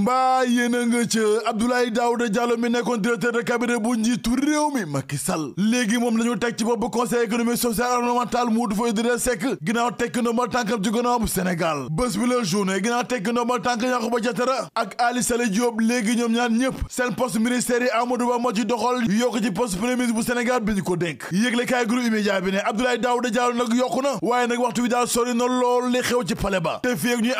mbaa yéen a nga ca Abdoulaye Daouda Diallo mi nekkoon directeur de cabinet bu njiitu réew mi Macky Sall léegi moom la ñu teg ci bopp conseil économique social environnemental Modou Faye Idrissa Seck ginnaaw tekk ndombal tànkam ci gouvernement bu Sénégal bés bi la journée ginnaaw tekk ndombal tànk Yankhoba Diattara ak Ali Sale léegi ñoom ñaar ñëpp seen poste ministère yi Amadou Ba moo ci doxal yokk ci poste premier bu Sénégal bi ñu ko dénk yëgle kaay groupe immédiat bi ne na waaye na lool li xew ci palais ba te fii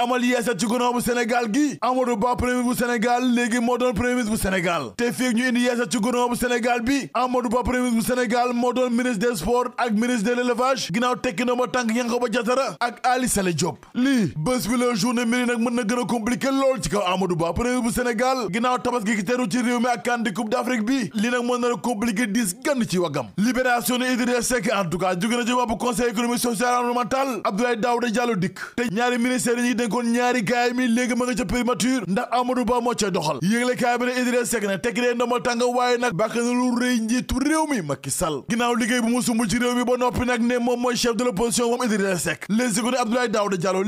ak premier bu Sénégal léegi moo doon premier ministre bu Sénégal te fii ñu indi yeesa ci gouvernement bu Sénégal bi Amadou premier ministre bu Sénégal moo doon ministre des sports ak ministre de l'élevage ginnaaw tekki na ba tànk Yankhoba Diattara ak Ali Saleh lii bés bi la journée mbiri nag mën na gën a compliqué lool ci kaw Amadou premier bu Sénégal ginnaaw tabaski gi teeru réew mi ak CAN di Coupe bi lii nag mën na compliqué diis gann ci wàggam libération ne Amadou Ba moo ca doxal yëglekaay bi ne Idrissa Seck ne tekki dee ndomal tàng waaye nag bàkk na lu rëy njiitu réew mi Macky Sall ginnaaw liggéey bu mu sumb ci réew mi ba noppi nag ne moom mooy chef de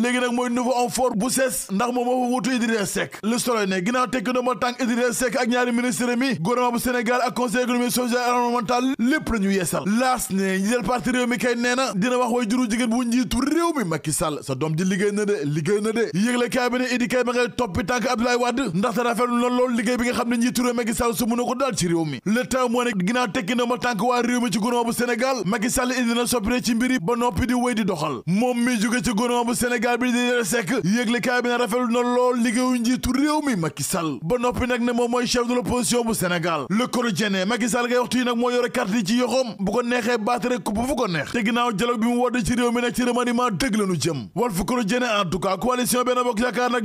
léegi nag mooy nouveau homme bu ses ndax moom moo fa wutu Idrissa Seck Le Soleil ne ginnaaw tekki ndomal tàng Idrissa Seck ak ñaari ministre mi gouvernement bu Sénégal ak conseil économique social et lépp la ñu yeesal laas ne ñi del parti réew mi kay nee na dina wax way juru jigéen bu njiitu réew mi Macky Sall Wade ndax te rafetlu na lool liggéey bi nga xam ne njiitu réew Macky Sall su a ko daal ci réew mi le temps ne ginnaaw tekki ma tànk waa réew mi ci gouvernement bu Sénégal Macky Sall indi na soppire ci mbiri ba noppi di wéy di doxal moom mi jóge ci gouvernement bu Sénégal bi di Idrissa Seck yëgle kaay bi na rafetlu na lool liggéeyu njiitu réew mi Macky Sall ba noppi nag ne moom mooy chef de l'opposition bu Sénégal le quotidien Macky Sall ngay waxtu yi nag moo yore carte yi ci yoxoom bu ko neexee baat rek kupp fu ko neex te ginnaaw dialogue bi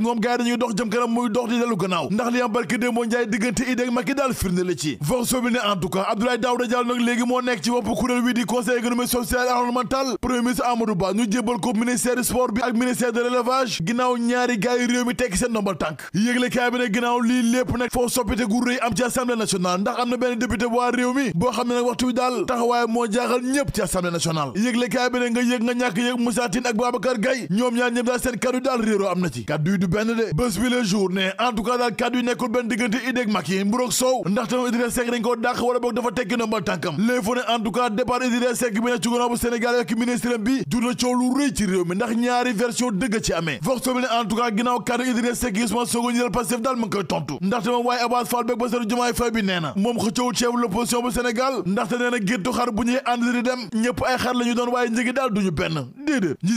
moom gaay dañuy dox jëm kanam muy dox wax di dellu gannaaw ndax li am barke démboo njaay diggante Idy ak Macky daal firnde la ci vox sobi ne en tout cas Abdoulaye Daouda Diallo nag léegi moo nekk ci bopp kuréel wi di conseil économique social et premier ministre Amadou Ba ñu jébbal ko ministère sport bi ak ministère de l'élevage ginnaaw ñaari gaay réew mi tekki seen ndombal tànk yëgle kaay bi ne ginnaaw lii lépp nag foo soppite gu rëy am ci assemblée nationale ndax am na benn député bu waa réew na ci en tout cas daal kàddu yi nekkul benn diggante Idy ak Macky mburoog soow ndax tam Idrissa Seck dañ koo dàq wala boog dafa tekki ndombal tànkam léefo ne en tout cas départ Idrissa bi ne ci gannaaw bu Sénégal ak ministre bi jur na coow lu rëy ci réew mi ndax ñaari version dëgg ci amee vox fami ne en tout cas ginnaaw kàddu Idrissa Seck yi Ousmane Sonko ñi dal Pastef daal mu koy tontu ndax moom waaye njëgi daal duñu benn déedéet ñi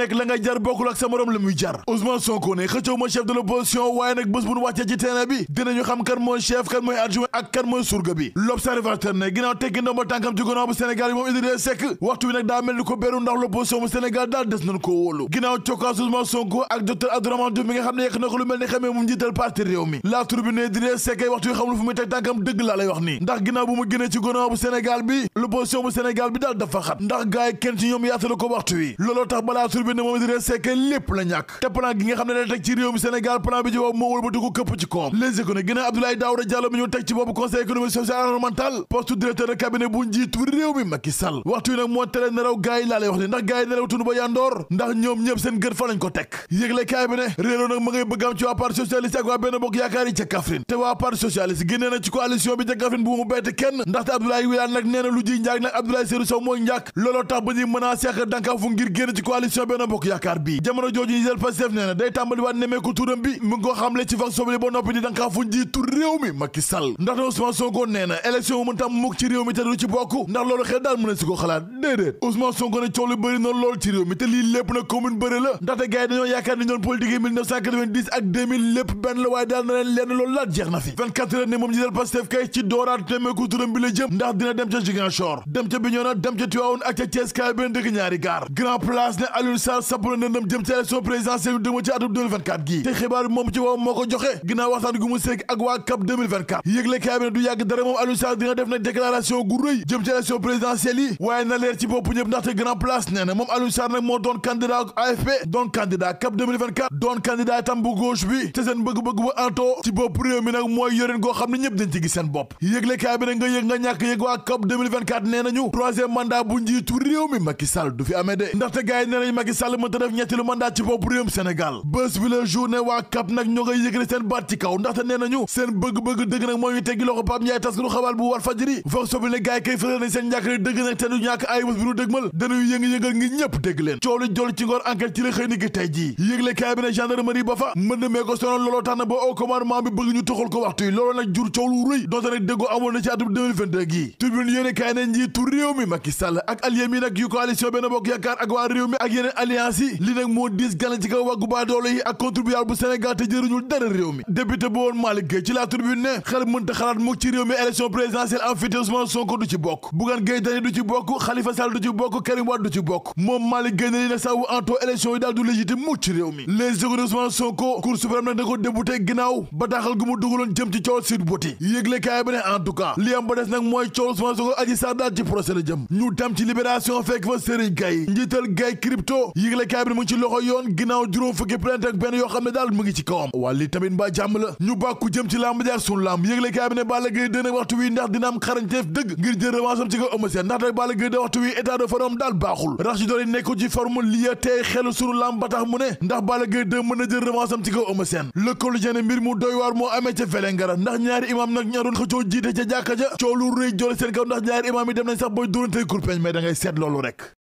nekk la Ousmane Sonko ne xëccoo mooy chef de l'opposition waaye nag bés wàccee ci terrain bi dinañu xam kan mooy chef kan mooy adjoint ak kan mooy surga bi l'observateur ne ginnaaw tekki ndomba tànkam ci gannaaw bu Sénégal bi moom Idrissa Seck waxtu bi nag daa mel ni ko beru ndax l'opposition bu Sénégal daal des nañ ko wóolu ginnaaw cokkaas Ousmane Sonko ak docteur Abdourahmane Diouf mi nga xam ne yekk na ko lu mel ni xamee moom njiital parti réew mi laa lay wax bi l'opposition bu Sénégal bi nga xam ndax ñoom ñëpp seen gën fa ko teg yëgle kaay bi ne réeroo nag ma ngay bëggaam ci waa parti socialiste ak waa benn bokk yaakaar yi ca Kaffrine te waa parti socialiste génnee ci coalition bi ca Kaffrine bu mu bett kenn ndaxte Abdoulaye Wilane nag nee na lu jiy njaag nag Abdoulaye Seydou Sow mooy njaag looloo tax ba ñuy menacé ak dankaa ngir génn ci coalition benn bokk yaakaar bi jamono jooju ñu jël Pastef nee na day tàmbaliwaat nemmeeku turam bi mu ngi ko xamle ci vague soble ba noppi di dankaafu njiitu réew mi Macky Sall ndax ne Ousmane nee na élection wu mënta mukk ci réew mi te du ci bokk ndax loolu xel daal mën a si ko xalaat déedéet Ousmane Sonko ne coow lu bëri na ci réew mi te lii lépp na commune bëri la ndaxte gars yi yaakaar ni ñoon politique ak 2000 lépp benn la waaye daal na leen loolu laat jeex na fi 24 heures jëmee ci atum 2024 te xibaar moom ci wow ko joxe ginnaaw waxtaan gu mu seeg ak waa CAP 2024 yëgle bi ne du yàgg dara moom Aliou dina def nag déclaration gu rëy jëm ci élection présidentielle waaye na leer ci bopp ñëpp ndaxte grand place nee moom Aliou nag moo doon candidat AFP doon candidat CAP doon candidat itam bu gauche bi te seen bëgg-bëgg bu antoo ci bopp réew mi nag mooy yoreen goo xam ne ñëpp dañ ci gis bopp yëgle kaay bi ne nga yëg nga Sénégal bés bi la journée waa CAP nag ñoo ngay yëgle seen baat ci kaw ndaxte nee nañu seen bëgg-bëgg dëgg nag mooy ñu teggi loxo Pape Ndiaye taskatu xabaar bu Walf Fadjri vox populi ne gars yi kay fësal seen njàkkare dëgg nag te du ñàkk ay bés bi nu dëgmal dañuy yënga-yëngal ngi ñëpp dégg leen coow li jol ci ngoor enquête ci la xëy ni ki tey jii yëgle kaay bi ne gendarmerie ba fa mën mee ko sonoon looloo tax na ba au commandement bi bëgg ñu toxal ko doole yi ak contribuable bu Sénégal te jëriñul dara réew mi député bu woon Malick ci la tribune ne xel mënta xalaat mukk ci réew mi élection présidentielle am fite Ousmane Sonko du ci bokk Bougane Gueye Dany du ci bokk Khalifa Sall du ci bokk Karim du ci bokk moom Malick ne li ne sawu anto élection yi daal du légitime mukk ci réew mi les secondes Ousmane Sonko Cour suprême ko débouté ginnaaw bataaxal gu mu dugaloon jëm ci coow Sweet Beauté fukki plainte ak benn yoo xam ne daal mu ngi ci kawam wàlli tamit mbaa jàmm la ñu bàkku jëm ci lamb ji ak sunu lamb yëgle kaay bi ne Balla Gaye dëna waxtu wi ndax dina am xarañteef dëgg ngir jël revanche ci kaw Eumeu Sène ndax day Balla Gaye de waxtu wi état de forme daal baaxul rax ci doole nekku ci forme li a teey xelu sunu lamb ba tax mu ne ndax Balla Gaye de mën a jël revanche am ci kaw Eumeu Sène lëkkalu jene mbir mu doy waar moo amee ca Vélingara ndax ñaari nag ñaroon xëccoo jiite ca jàkka ja coow lu rëy joole seen kaw ndax ñaari dem nañ sax boy dóorante kurpeñ seet loolu rek